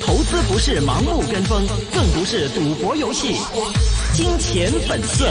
投資不是盲目跟風，更不是賭博遊戲，金錢本色。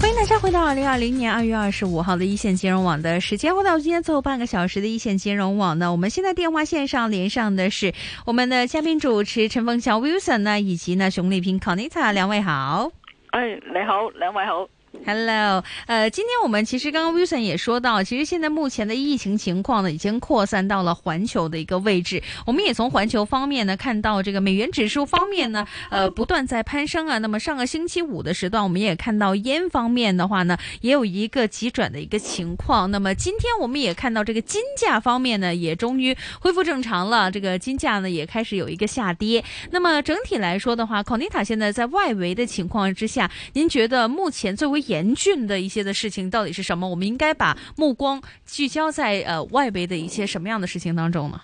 歡迎大家回到二零二零年二月二十五號的一線金融網的時間。回到今天最後半個小時的一線金融網呢，我們現在電話線上連上的是我們的嘉賓主持陳鳳橋 Wilson 呢，以及呢熊麗萍 Conita 兩位好。誒、哎，你好，兩位好。Hello，呃，今天我們其實剛剛 Wilson 也說到，其實現在目前的疫情情況呢，已經擴散到了環球的一個位置。我們也從環球方面呢，看到這個美元指數方面呢，呃，不斷在攀升啊。那麼上個星期五的時段，我們也看到煙方面的話呢，也有一個急轉的一個情況。那麼今天我們也看到這個金價方面呢，也終於恢復正常了。這個金價呢，也開始有一個下跌。那麼整體來說的話，康尼塔現在在外圍的情況之下，您覺得目前最為嚴峻的一些的事情到底是什麼？我們應該把目光聚焦在呃外圍的一些什麼樣的事情當中呢？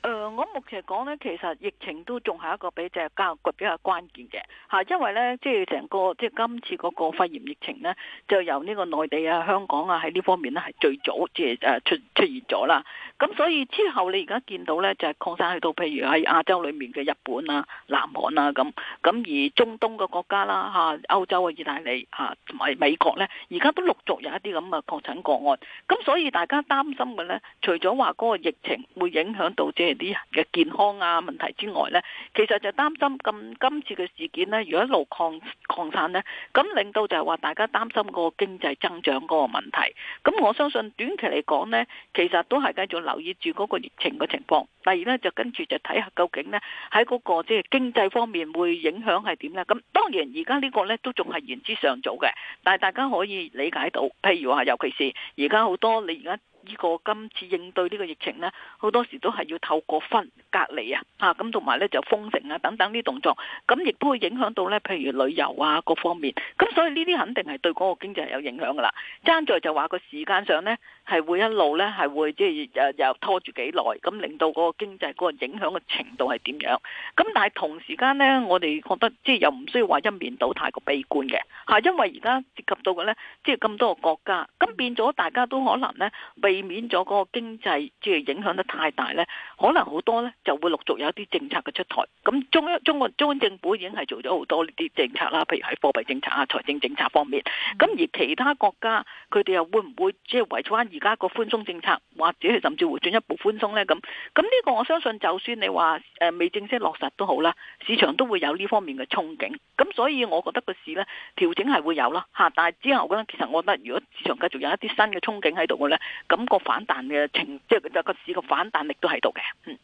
呃，我目前講呢，其實疫情都仲係一個比較比較關鍵嘅吓，因為呢，即係成個即係、就是、今次嗰個肺炎疫情呢，就由呢個內地啊、香港啊喺呢方面呢，係最早即係誒出出，出現咗啦。咁所以之後你而家見到呢，就係擴散去到譬如喺亞洲裏面嘅日本啊、南韓啊咁，咁而中東嘅國家啦、啊、嚇、歐洲啊、意大利嚇同埋美國呢，而家都陸續有一啲咁嘅確診個案。咁所以大家擔心嘅呢，除咗話嗰個疫情會影響到即係啲人嘅健康啊問題之外呢，其實就擔心今今次嘅事件呢，如果一路擴散呢，咁令到就係話大家擔心嗰個經濟增長嗰個問題。咁我相信短期嚟講呢，其實都係繼續。留意住嗰個疫情嘅情況，第二咧就跟住就睇下究竟咧喺嗰個即係、就是、經濟方面會影響係點咧？咁當然而家呢個咧都仲係言之尚早嘅，但係大家可以理解到，譬如話尤其是而家好多你而家呢個今次應對呢個疫情咧，好多時都係要透過分隔離啊。啊，咁同埋咧就封城啊，等等啲動作，咁亦都會影響到咧，譬如旅遊啊各方面，咁所以呢啲肯定係對嗰個經濟係有影響噶啦。爭在就話個時間上咧，係會一路咧係會即係又又拖住幾耐，咁令到嗰個經濟嗰個影響嘅程度係點樣？咁但係同時間咧，我哋覺得即係又唔需要話一面倒太過悲觀嘅嚇，因為而家涉及到嘅咧即係咁多個國家，咁變咗大家都可能咧避免咗嗰個經濟即係影響得太大咧，可能好多咧就會陸續有一啲政策嘅出台，咁中央中國中央政府已經係做咗好多呢啲政策啦，譬如喺貨幣政策啊、財政政策方面，咁而其他國家佢哋又會唔會即係維持翻而家個寬鬆政策，或者係甚至乎進一步寬鬆呢？咁咁呢個我相信，就算你話誒、呃、未正式落實都好啦，市場都會有呢方面嘅憧憬。咁所以我覺得個市呢調整係會有啦，吓、啊，但係之後咧，其實我覺得如果市場繼續有一啲新嘅憧憬喺度嘅呢，咁、那個反彈嘅情，即係個市個反彈力都喺度嘅，嗯。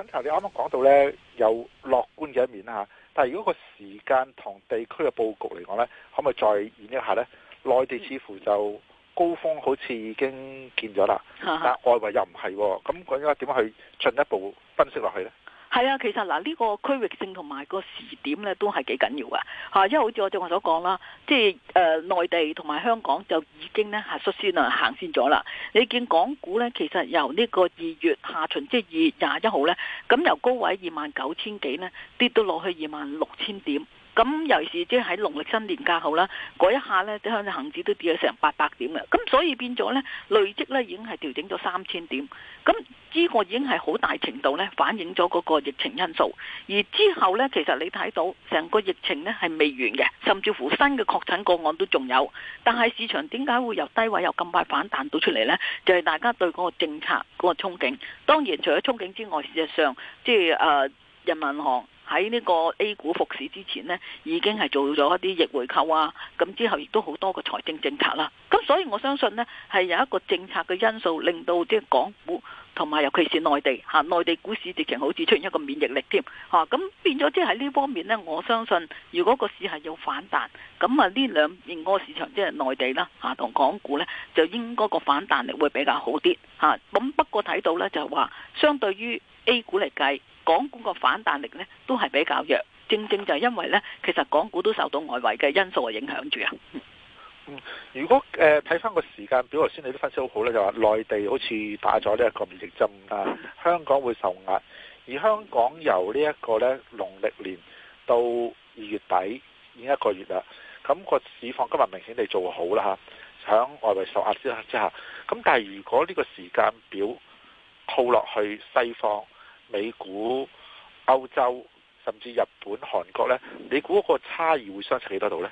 咁啊！你啱啱講到咧有樂觀嘅一面啦嚇，但係如果個時間同地區嘅佈局嚟講咧，可唔可以再演一下咧？內地似乎就高峰好似已經見咗啦，但係外圍又唔係咁，咁應該點樣去進一步分析落去咧？係啊，其實嗱，呢個區域性同埋個時點咧，都係幾緊要噶吓，因為好似我正話所講啦，即係誒內地同埋香港就已經咧係率先啊行先咗啦。你見港股咧，其實由呢個二月下旬，即係二月廿一號咧，咁由高位二萬九千幾呢，跌到落去二萬六千點。咁尤其是即係喺農曆新年假後啦，嗰一下呢，香港恆指都跌咗成八百點嘅，咁所以變咗呢，累積呢已經係調整咗三千點，咁呢個已經係好大程度呢反映咗嗰個疫情因素。而之後呢，其實你睇到成個疫情呢係未完嘅，甚至乎新嘅確診個案都仲有。但係市場點解會由低位又咁快反彈到出嚟呢？就係、是、大家對嗰個政策嗰、那個憧憬。當然除咗憧憬之外，事實上即係、就是呃、人民銀行。喺呢個 A 股復市之前呢，已經係做咗一啲逆回購啊，咁之後亦都好多個財政政策啦。咁所以我相信呢，係有一個政策嘅因素令到即係港股同埋尤其是內地嚇內地股市直情好似出現一個免疫力添嚇。咁變咗即係喺呢方面呢，我相信如果個市係有反彈，咁啊呢兩邊個市場即係、就是、內地啦嚇同港股呢，就應該個反彈力會比較好啲嚇。咁不過睇到呢，就係、是、話，相對於 A 股嚟計。港股個反彈力呢都係比較弱，正正就係因為呢，其實港股都受到外圍嘅因素嘅影響住啊、嗯。如果誒睇翻個時間表，頭先你都分析好好咧，就話內地好似打咗呢一個免疫針啊、嗯，香港會受壓。而香港由呢一個呢，農曆年到二月底，已經一個月啦。咁、那個市況今日明顯地做好啦，吓響外圍受壓之下，咁但係如果呢個時間表套落去西方。美股、歐洲甚至日本、韓國呢，你估嗰個差異會相差幾多度呢？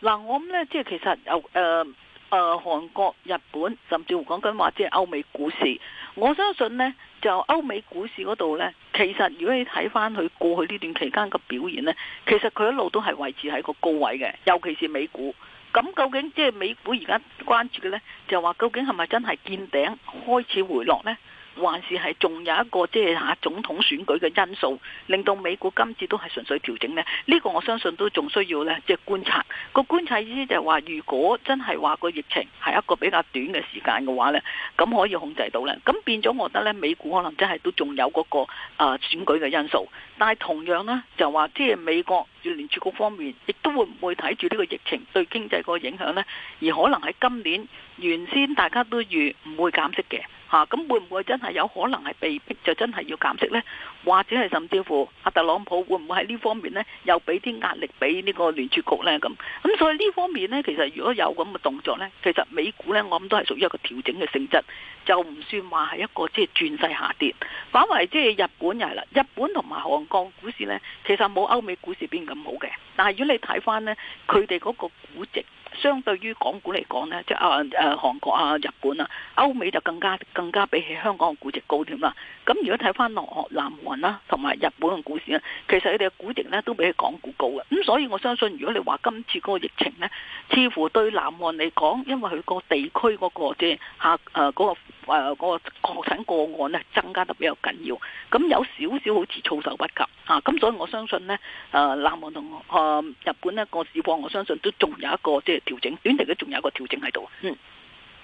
嗱、啊，我諗呢，即係其實由誒誒韓國、日本甚至乎講緊話，即係歐美股市。我相信呢，就歐美股市嗰度呢，其實如果你睇翻佢過去呢段期間嘅表現呢，其實佢一路都係維持喺個高位嘅，尤其是美股。咁究竟即係、就是、美股而家關注嘅呢，就話究竟係咪真係見頂開始回落呢？還是係仲有一個即係啊總統選舉嘅因素，令到美股今次都係純粹調整呢？呢個我相信都仲需要呢，即係觀察。個觀察意思就係話，如果真係話個疫情係一個比較短嘅時間嘅話呢，咁可以控制到呢。咁變咗，我覺得呢，美股可能真係都仲有嗰個啊選舉嘅因素。但係同樣呢，就話即係美國。住聯儲局方面，亦都會唔會睇住呢個疫情對經濟個影響呢？而可能喺今年原先大家都預唔會減息嘅吓，咁、啊、會唔會真係有可能係被逼就真係要減息呢？或者係甚至乎阿特朗普會唔會喺呢方面呢，又俾啲壓力俾呢個聯儲局呢？咁咁所以呢方面呢，其實如果有咁嘅動作呢，其實美股呢，我諗都係屬於一個調整嘅性質，就唔算話係一個即係轉勢下跌。反為即係日本又係啦，日本同埋韓國股市呢，其實冇歐美股市變。咁好嘅，但係如果你睇翻呢，佢哋嗰個估值相對於港股嚟講呢，即係啊誒韓國啊、日本啊、歐美就更加更加比起香港嘅估值高添啦。咁如果睇翻南南韓啦，同埋日本嘅股市呢，其實佢哋嘅估值呢，都比起港股高嘅。咁所以我相信，如果你話今次嗰個疫情呢，似乎對南韓嚟講，因為佢個地區嗰個即係吓誒個。啊那個誒、呃，嗰、那個確診個案呢，增加得比較緊要，咁有少少好似措手不及吓，咁、啊、所以我相信呢，誒、呃，南韓同、呃、日本呢個市況，我相信都仲有一個即係調整，短期都仲有一個調整喺度、嗯，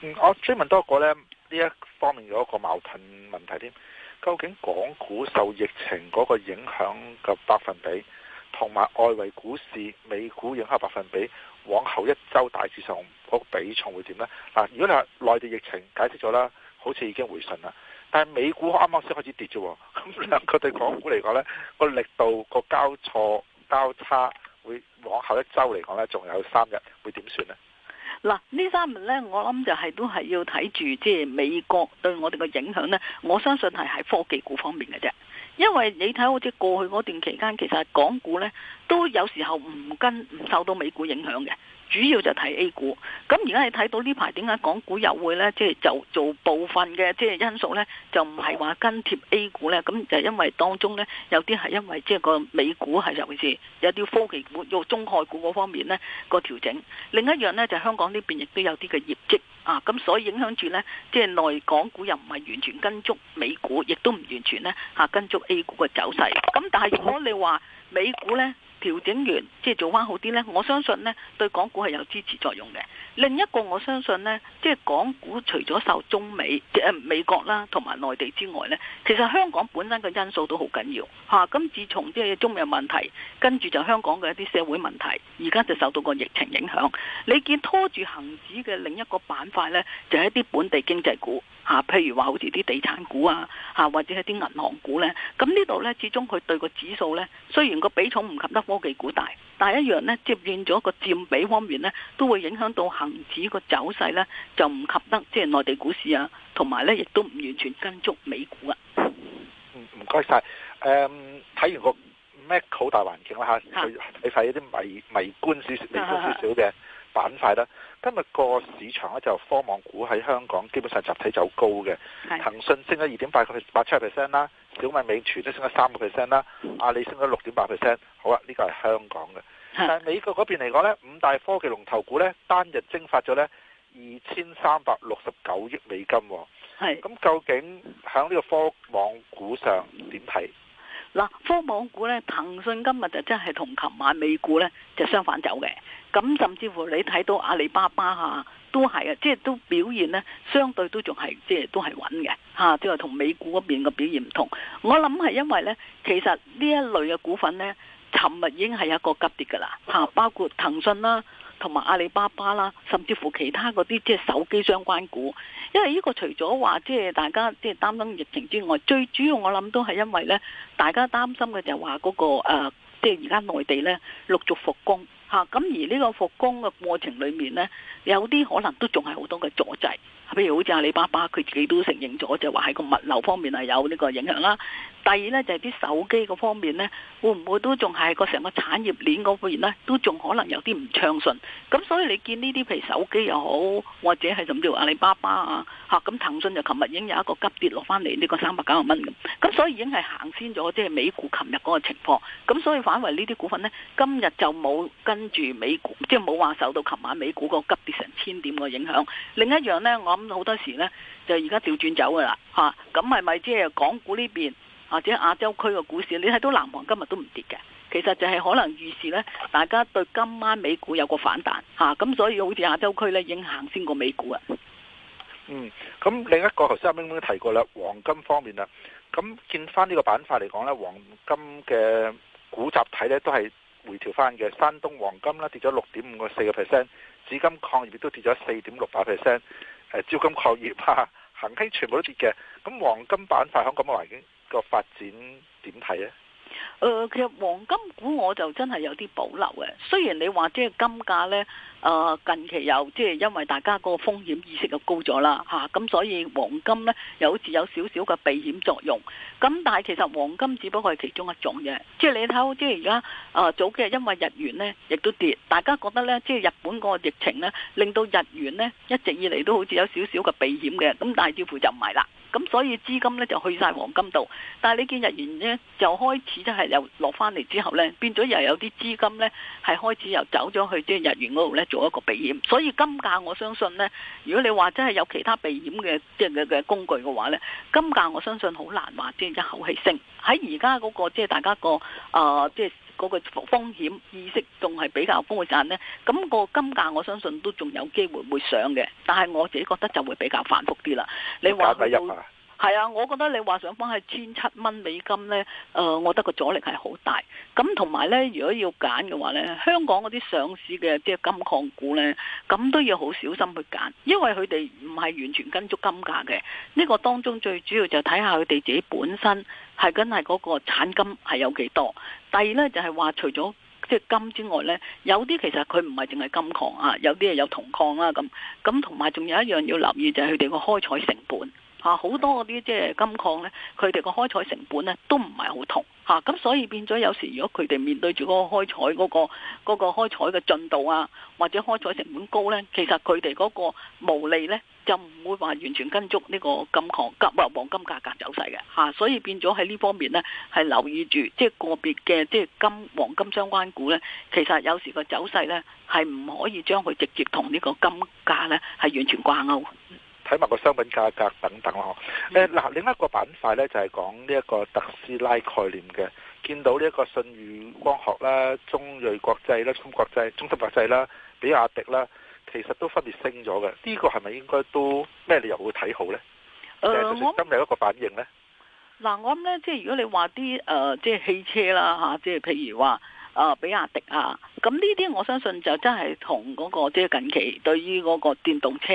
嗯。我追問多一個呢，呢一方面有一個矛盾問題添，究竟港股受疫情嗰個影響嘅百分比，同埋外圍股市美股影響百分比，往後一周大致上嗰比重會點呢？嗱、啊，如果你話內地疫情解釋咗啦。好似已經回神啦，但係美股啱啱先開始跌啫，咁兩個對港股嚟講呢，個力度個交錯交叉會往後一周嚟講呢，仲有三日會點算呢？嗱，呢三日呢，我諗就係、是、都係要睇住即係美國對我哋嘅影響呢。我相信係喺科技股方面嘅啫。因為你睇好似過去嗰段期間，其實港股呢都有時候唔跟唔受到美股影響嘅，主要就睇 A 股。咁而家你睇到呢排點解港股又會呢？即、就、係、是、就做部分嘅即係因素呢就唔係話跟貼 A 股呢。咁就是因為當中呢有啲係因為即係個美股係尤其係，有啲科技股、有中概股嗰方面呢、呢個調整。另一樣呢，就是、香港呢邊亦都有啲嘅業績。啊，咁所以影響住咧，即係內港股又唔係完全跟足美股，亦都唔完全咧嚇、啊、跟足 A 股嘅走勢。咁但係如果你話美股咧，調整完即係做翻好啲呢。我相信呢對港股係有支持作用嘅。另一個我相信呢，即係港股除咗受中美即美國啦同埋內地之外呢，其實香港本身嘅因素都好緊要嚇。咁自從即係中美問題，跟住就香港嘅一啲社會問題，而家就受到個疫情影響。你見拖住恆指嘅另一個板塊呢，就係一啲本地經濟股。啊，譬如話好似啲地產股啊，吓、啊、或者係啲銀行股咧，咁呢度咧始終佢對個指數咧，雖然個比重唔及得科技股大，但係一樣咧，接應咗個佔比方面咧，都會影響到恒指個走勢咧，就唔及得即係內地股市啊，同埋咧亦都唔完全跟足美股啊。唔該該晒誒，睇、嗯、完個 macro 好大環境啦吓，睇、啊、晒一啲微觀觀少少、微觀少少嘅。板塊啦，今日個市場咧就科網股喺香港基本上集體走高嘅，的騰訊升咗二點八個八七個 percent 啦，小米美團都升咗三個 percent 啦，阿里升咗六點八 percent。好啊，呢個係香港嘅，但係美國嗰邊嚟講呢，五大科技龍頭股咧單日蒸發咗呢二千三百六十九億美金喎，係咁究竟響呢個科網股上點睇？嗱，科網股咧，騰訊今日就真係同琴晚美股咧就相反走嘅，咁甚至乎你睇到阿里巴巴啊，都係嘅，即係都表現呢，相對都仲係即係都係穩嘅，吓即係同美股嗰邊嘅表現唔同。我諗係因為咧，其實呢一類嘅股份咧，尋日已經係一個急跌噶啦，吓包括騰訊啦。同埋阿里巴巴啦，甚至乎其他嗰啲即係手機相關股，因為呢個除咗話即係大家即係擔心疫情之外，最主要我諗都係因為咧，大家擔心嘅就係話嗰個誒、呃，即係、啊、而家內地咧陸續復工吓，咁而呢個復工嘅過程裏面咧，有啲可能都仲係好多嘅阻滯。譬如好似阿里巴巴，佢自己都承認咗，就話喺個物流方面係有呢個影響啦。第二呢，就係、是、啲手機嗰方面呢，會唔會都仲係個成個產業鏈嗰方面呢，都仲可能有啲唔暢順。咁所以你見呢啲譬如手機又好，或者係甚叫阿里巴巴啊嚇，咁騰訊就琴日已經有一個急跌落翻嚟呢個三百九十蚊咁。咁所以已經係行先咗，即、就、係、是、美股琴日嗰個情況。咁所以反為呢啲股份呢，今日就冇跟住美股，即係冇話受到琴晚美股個急跌成千點個影響。另一樣呢。我。好多時呢，就而家調轉走噶啦吓，咁係咪即係港股呢邊或者亞洲區嘅股市，你睇到南韓今日都唔跌嘅，其實就係可能預示呢，大家對今晚美股有個反彈吓，咁、啊、所以好似亞洲區呢，已經行先過美股啊。嗯，咁另一個頭先阿明冰都提過啦，黃金方面啦，咁見翻呢個板塊嚟講呢，黃金嘅股集體呢都係回調翻嘅。山東黃金呢，跌咗六點五個四個 percent，紫金礦業亦都跌咗四點六八 percent。誒招金礦業啊，恒生全部都跌嘅，咁黃金板塊喺咁嘅環境個發展點睇咧？誒、呃，其實黃金股我就真係有啲保留嘅。雖然你話即係金價呢，誒、呃、近期又即係因為大家嗰個風險意識又高咗啦吓，咁、啊、所以黃金呢又好似有少少嘅避險作用。咁但係其實黃金只不過係其中一種嘅，即係你睇下即係而家誒早期，因為日元呢亦都跌，大家覺得呢，即係日本個疫情呢，令到日元呢一直以嚟都好似有少少嘅避險嘅。咁但係似乎就唔係啦。咁所以資金咧就去晒黃金度，但係你見日元咧就開始即係又落翻嚟之後咧，變咗又有啲資金咧係開始又走咗去即係日元嗰度咧做一個避險，所以金價我相信咧，如果你話真係有其他避險嘅即係嘅嘅工具嘅話咧，金價我相信好難話即係一口氣升。喺而家嗰個即係大家個啊即係。嗰、那個風險意識仲係比較分散呢。咁、那個金價我相信都仲有機會會上嘅，但係我自己覺得就會比較反覆啲啦。你話。係啊，我覺得你話想翻係千七蚊美金呢，誒、呃，我覺得個阻力係好大。咁同埋呢，如果要揀嘅話呢，香港嗰啲上市嘅即係金礦股呢，咁都要好小心去揀，因為佢哋唔係完全跟足金價嘅。呢、這個當中最主要就睇下佢哋自己本身係跟係嗰個產金係有幾多。第二呢，就係話，除咗即係金之外呢，有啲其實佢唔係淨係金礦啊，有啲係有銅礦啦咁。咁同埋仲有一樣要留意就係佢哋個開採成本。嚇好多嗰啲即係金礦咧，佢哋個開採成本咧都唔係好同嚇，咁所以變咗有時如果佢哋面對住嗰個開採嗰個嗰個開採嘅進度啊，或者開採成本高咧，其實佢哋嗰個毛利咧就唔會話完全跟足呢個金礦金啊黃金價格走勢嘅嚇，所以變咗喺呢方面咧係留意住即係個別嘅即係金黃金相關股咧，其實有時個走勢咧係唔可以將佢直接同呢個金價咧係完全掛鈎。咁啊個商品價格等等咯，誒、嗯、嗱，另一個板塊咧就係講呢一個特斯拉概念嘅，見到呢一個信譽光學啦、中瑞國際啦、中國際、中芯國際啦、比亞迪啦，其實都分別升咗嘅，呢、嗯這個係咪應該都咩理由會睇好咧？誒、呃，資金有一個反應咧？嗱、呃，我諗咧、呃，即係如果你話啲誒，即、呃、係、就是、汽車啦吓、啊，即係譬如話誒、呃、比亞迪啊。咁呢啲我相信就真係同嗰個即近期對於嗰個電動車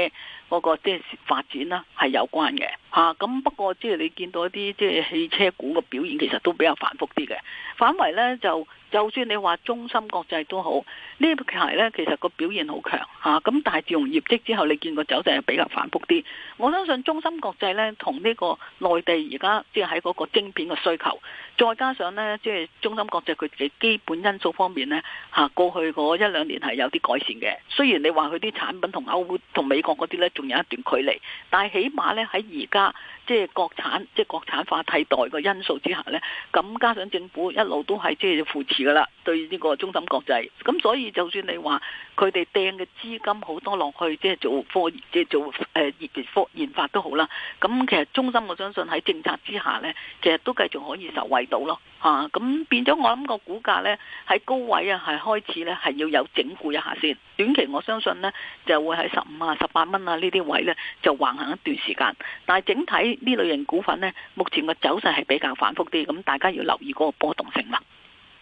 嗰個即係發展啦係有關嘅嚇、啊。咁不過即係你見到一啲即係汽車股嘅表現其實都比較反覆啲嘅，反為呢，就就算你話中心國際都好，呢排呢其實個表現好強嚇。咁、啊、但係自從業績之後，你見個走勢係比較反覆啲。我相信中心國際呢，同呢個內地而家即係喺嗰個晶片嘅需求，再加上呢，即係中心國際佢自己基本因素方面呢。啊過去嗰一兩年係有啲改善嘅，雖然你話佢啲產品同歐同美國嗰啲呢，仲有一段距離，但係起碼呢，喺而家即係國產即係國產化替代嘅因素之下呢，咁加上政府一路都係即係扶持噶啦，對呢個中心國際，咁所以就算你話佢哋掟嘅資金好多落去，即係做科即係做誒科研發都好啦，咁其實中心我相信喺政策之下呢，其實都繼續可以受惠到咯。啊，咁變咗我諗個股價呢，喺高位啊，係開始呢，係要有整固一下先。短期我相信呢，就會喺十五啊、十八蚊啊呢啲位呢，就橫行一段時間。但係整體呢類型股份呢，目前個走勢係比較反復啲，咁大家要留意嗰個波動性啦。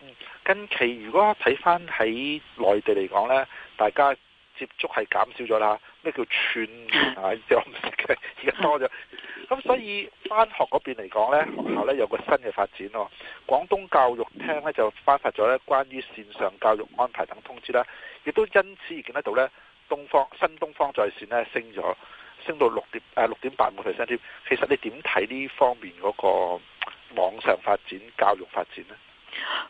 嗯。近期如果睇翻喺內地嚟講呢，大家接觸係減少咗啦。咩叫串我嘅而家多咗。嗯。咁所以翻學嗰邊嚟講呢，學校呢有個新嘅發展喎。哦，廣東教育廳呢就發出咗呢關於線上教育安排等通知啦，亦都因此而見得到呢，東方新東方在線呢升咗，升到六點，誒，六點八五 percent。其實你點睇呢方面嗰個網上發展教育發展呢？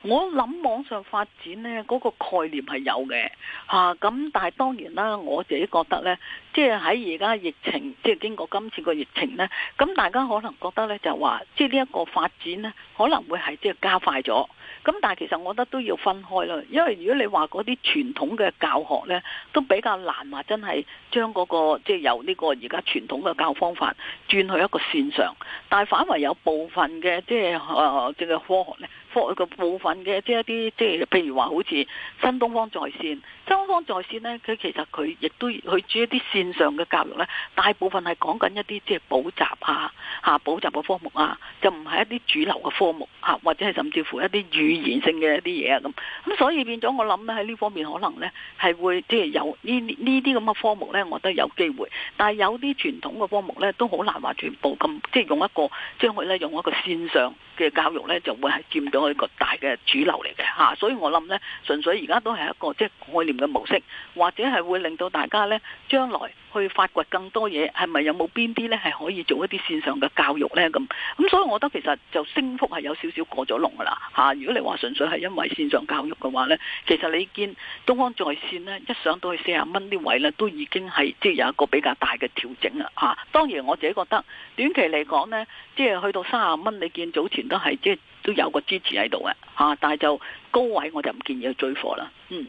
我諗網上發展呢嗰，那個概念係有嘅吓，咁、啊、但係當然啦，我自己覺得呢，即係喺而家疫情，即係經過今次個疫情呢，咁大家可能覺得呢，就話，即係呢一個發展呢可能會係即係加快咗。咁但係其實我覺得都要分開咯，因為如果你話嗰啲傳統嘅教學呢都比較難話真係將嗰個即係由呢個而家傳統嘅教方法轉去一個線上，但係反為有部分嘅，即係即係科學呢。嗰部分嘅即係一啲即係譬如話好似新東方在線。中方在線呢，佢其實佢亦都佢主一啲線上嘅教育呢，大部分係講緊一啲即係補習啊，嚇補習嘅科目啊，就唔係一啲主流嘅科目啊，或者係甚至乎一啲語言性嘅一啲嘢啊咁。咁所以變咗我諗呢喺呢方面可能呢係會即係、就是、有呢呢啲咁嘅科目呢，我覺得有機會。但係有啲傳統嘅科目呢，都好難話全部咁即係用一個將佢呢用一個線上嘅教育呢，就會係佔到一個大嘅主流嚟嘅嚇。所以我諗呢，純粹而家都係一個即係、就是嘅模式，或者係會令到大家呢，將來去發掘更多嘢，係咪有冇邊啲呢？係可以做一啲綫上嘅教育呢。咁咁，所以我覺得其實就升幅係有少少過咗籠噶啦吓。如果你話純粹係因為綫上教育嘅話呢，其實你見東方在綫呢，一上到去四十蚊啲位呢，都已經係即係有一個比較大嘅調整啦吓、啊。當然我自己覺得短期嚟講呢，即、就、係、是、去到三十蚊，你見早前都係即係都有個支持喺度嘅吓，但係就高位我就唔建議去追貨啦，嗯。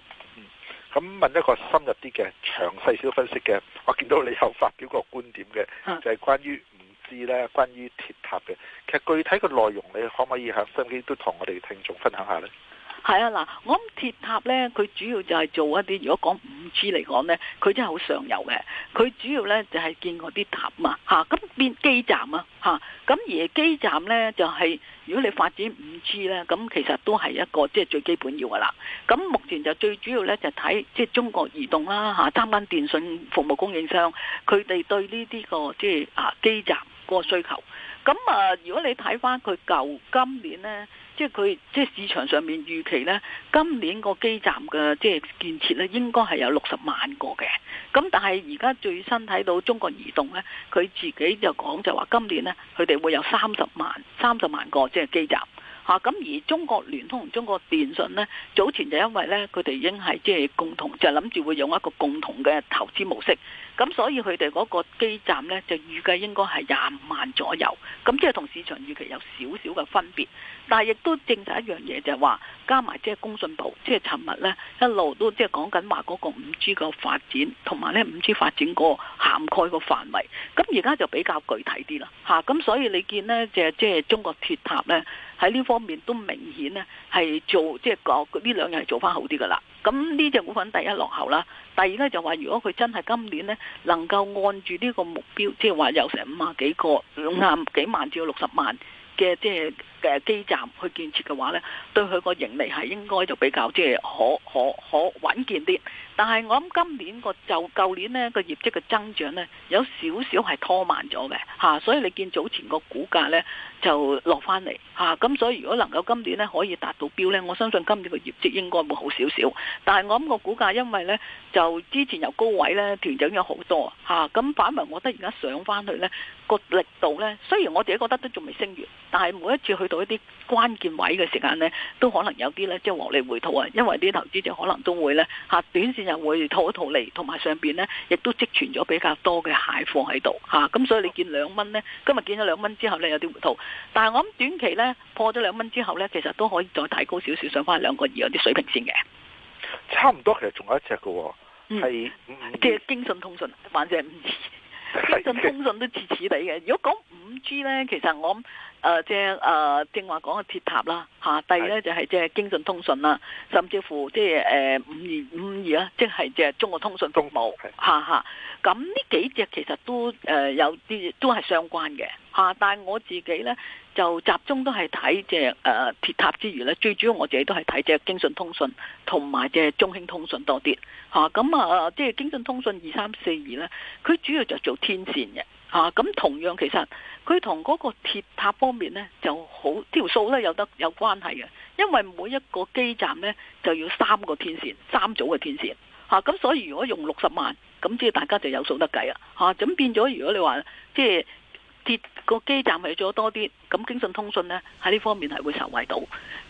咁問一個深入啲嘅、詳細少分析嘅，我見到你有發表個觀點嘅，就係關於唔知咧，關於鐵塔嘅，其實具體嘅內容你可唔可以喺收音機都同我哋聽眾分享下呢？係啊，嗱，我諗鐵塔咧，佢主要就係做一啲，如果講五 G 嚟講咧，佢真係好上游嘅。佢主要咧就係建嗰啲塔啊，吓，咁變基站啊，吓、啊，咁而基站咧就係、是，如果你發展五 G 咧，咁其實都係一個即係、就是、最基本要噶啦。咁、啊、目前就最主要咧就睇即係中國移動啦，吓、啊，三班電信服務供應商，佢哋對呢啲個即係啊基站個需求。咁啊，如果你睇翻佢舊今年咧。即係佢，即係市場上面預期呢，今年個基站嘅，即係建設咧，應該係有六十萬個嘅。咁但係而家最新睇到中國移動呢，佢自己就講就話今年呢，佢哋會有三十萬三十萬個即係基站。咁、啊、而中國聯通同中國電信呢，早前就因為呢，佢哋已經係即係共同就諗、是、住會用一個共同嘅投資模式，咁所以佢哋嗰個基站呢，就預計應該係廿五萬左右，咁即係同市場預期有少少嘅分別，但係亦都正就一樣嘢就係話加埋即係工信部，即係尋日呢，一路都即係講緊話嗰個五 G 個發展，同埋呢五 G 發展個涵蓋個範圍，咁而家就比較具體啲啦，咁、啊、所以你見呢，就即、是、係中國鐵塔呢。喺呢方面都明顯咧，係、就是、做即係講呢兩樣係做翻好啲噶啦。咁呢隻股份第一落後啦，第二呢就話如果佢真係今年呢能夠按住呢個目標，即係話有成五萬幾個兩萬幾萬至到六十萬嘅即係誒基站去建設嘅話呢，對佢個盈利係應該就比較即係、就是、可可可穩健啲。但係我諗今年個就舊年呢個業績嘅增長呢，有少少係拖慢咗嘅嚇，所以你見早前個股價呢，就落翻嚟嚇，咁所以如果能夠今年呢可以達到標呢，我相信今年個業績應該會好少少。但係我諗個股價因為呢，就之前由高位呢調整咗好多嚇，咁反為我覺得而家上翻去呢個力度呢，雖然我自己覺得都仲未升完，但係每一次去到一啲關鍵位嘅時間呢，都可能有啲呢，即係獲利回吐啊，因為啲投資者可能都會呢。嚇短線。又會套一套嚟，同埋上邊呢亦都積存咗比較多嘅蟹貨喺度嚇，咁、啊、所以你見兩蚊呢，今日見咗兩蚊之後呢，有啲回吐，但係我諗短期呢，破咗兩蚊之後呢，其實都可以再提高少少，上翻兩個二嗰啲水平先嘅、嗯。差唔多，其實仲有一隻嘅，係即係京信通信，反正。京信通訊都似似地嘅，如果講五 G 呢，其實我諗誒即係正話講嘅鐵塔啦，吓第二呢就係即係京信通訊啦，甚至乎即係誒五二五二啦，即係即係中國通訊服務，吓，吓，咁呢幾隻其實都誒有啲都係相關嘅，吓，但係我自己呢。就集中都係睇即係誒鐵塔之餘咧，最主要我自己都係睇即係京信通信同埋即係中興通訊多啲吓。咁啊，即係京信通信二三四二咧，佢主要就做天線嘅吓。咁同樣其實佢同嗰個鐵塔方面咧就好條數咧有得有關係嘅，因為每一個基站咧就要三個天線，三組嘅天線吓。咁所以如果用六十萬，咁即係大家就有數得計啊吓。咁變咗如果你話即係。個基站係做了多啲，咁京信通訊呢喺呢方面係會受惠到。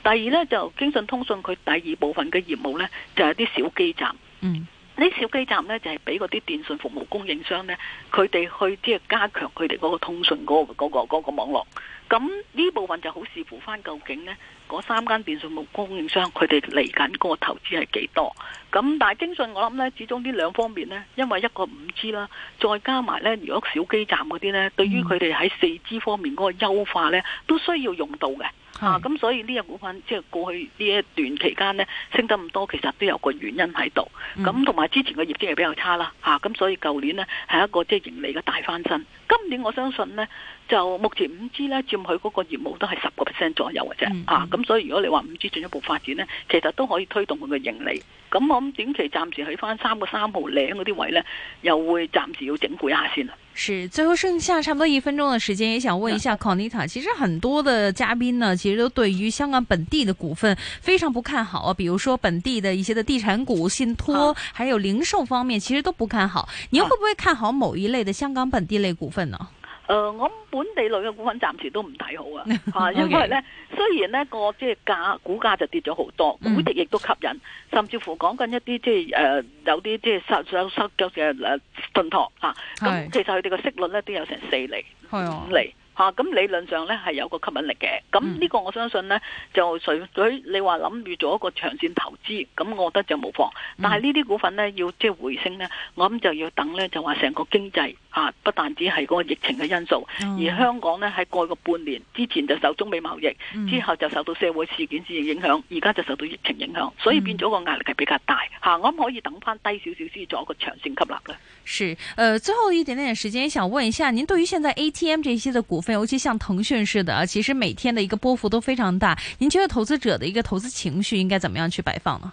第二呢，就京信通訊佢第二部分嘅業務呢，就係、是、啲小基站，嗯，啲小基站呢，就係俾嗰啲電信服務供應商呢，佢哋去即係加強佢哋嗰個通訊嗰嗰個嗰、嗰個嗰個網絡。咁呢部分就好視乎翻究竟呢，嗰三間電信業供應商佢哋嚟緊嗰個投資係幾多？咁但係精信我諗呢，始終呢兩方面呢，因為一個五 G 啦，再加埋呢，如果小基站嗰啲呢，mm. 對於佢哋喺四 G 方面嗰個優化呢，都需要用到嘅。Mm. 啊，咁所以呢隻股份即係過去呢一段期間呢，升得咁多，其實都有個原因喺度。咁同埋之前嘅業績係比較差啦。啊，咁所以舊年呢，係一個即係盈利嘅大翻身。今年我相信呢，就目前五 G 呢，佔佢嗰個業務都係十個 percent 左右嘅啫、嗯嗯，啊，咁、嗯、所以如果你話五 G 進一步發展呢，其實都可以推動佢嘅盈利。咁、嗯、我諗短期暫時去翻三個三毫兩嗰啲位呢，又會暫時要整固一下先啦。是，最後剩下差唔多一分鐘嘅時間，也想問一下 Conita，n、yeah. 其實很多嘅嘉賓呢，其實都對於香港本地嘅股份非常不看好，啊。比如說本地嘅一些嘅地產股、信託，yeah. 還有零售方面，其實都不看好。你會不會看好某一類的香港本地類股份？誒、嗯，我本地類嘅股份暫時都唔睇好啊。吓，因為咧雖然呢個即係價股價就跌咗好多，股值，亦都吸引，甚至乎講緊一啲即係誒有啲即係有有有成誒信託吓，咁其實佢哋嘅息率咧都有成四厘 五厘。咁、啊、理論上呢，係有個吸引力嘅，咁呢個我相信呢，嗯、就隨舉你話諗住做一個長線投資，咁我覺得就無妨。但係呢啲股份呢，要即係、就是、回升呢，我諗就要等呢，就話成個經濟嚇、啊，不但止係嗰個疫情嘅因素，而香港呢，喺過去半年之前就受中美貿易，之後就受到社會事件之影響，而家就受到疫情影響，所以變咗個壓力係比較大嚇、嗯啊。我諗可以等翻低少少先做一個長線吸納呢？是、呃，最後一點點時間想問一下，您對於現在 ATM 這些嘅股份？尤其像騰訊似的，其實每天的一個波幅都非常大。您覺得投資者的一個投資情緒應該怎麼樣去擺放呢？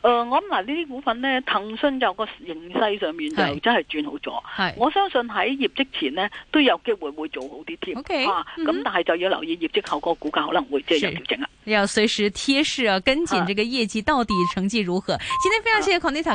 呃，我諗嗱呢啲股份呢，騰訊就個形勢上面就真係轉好咗，我相信喺業績前呢，都有機會會做好啲添。OK，咁、啊嗯、但係就要留意業績後個股價可能會即係調整啦、啊。要隨時貼市啊，跟緊這個業績到底成績如何？今天非常謝謝。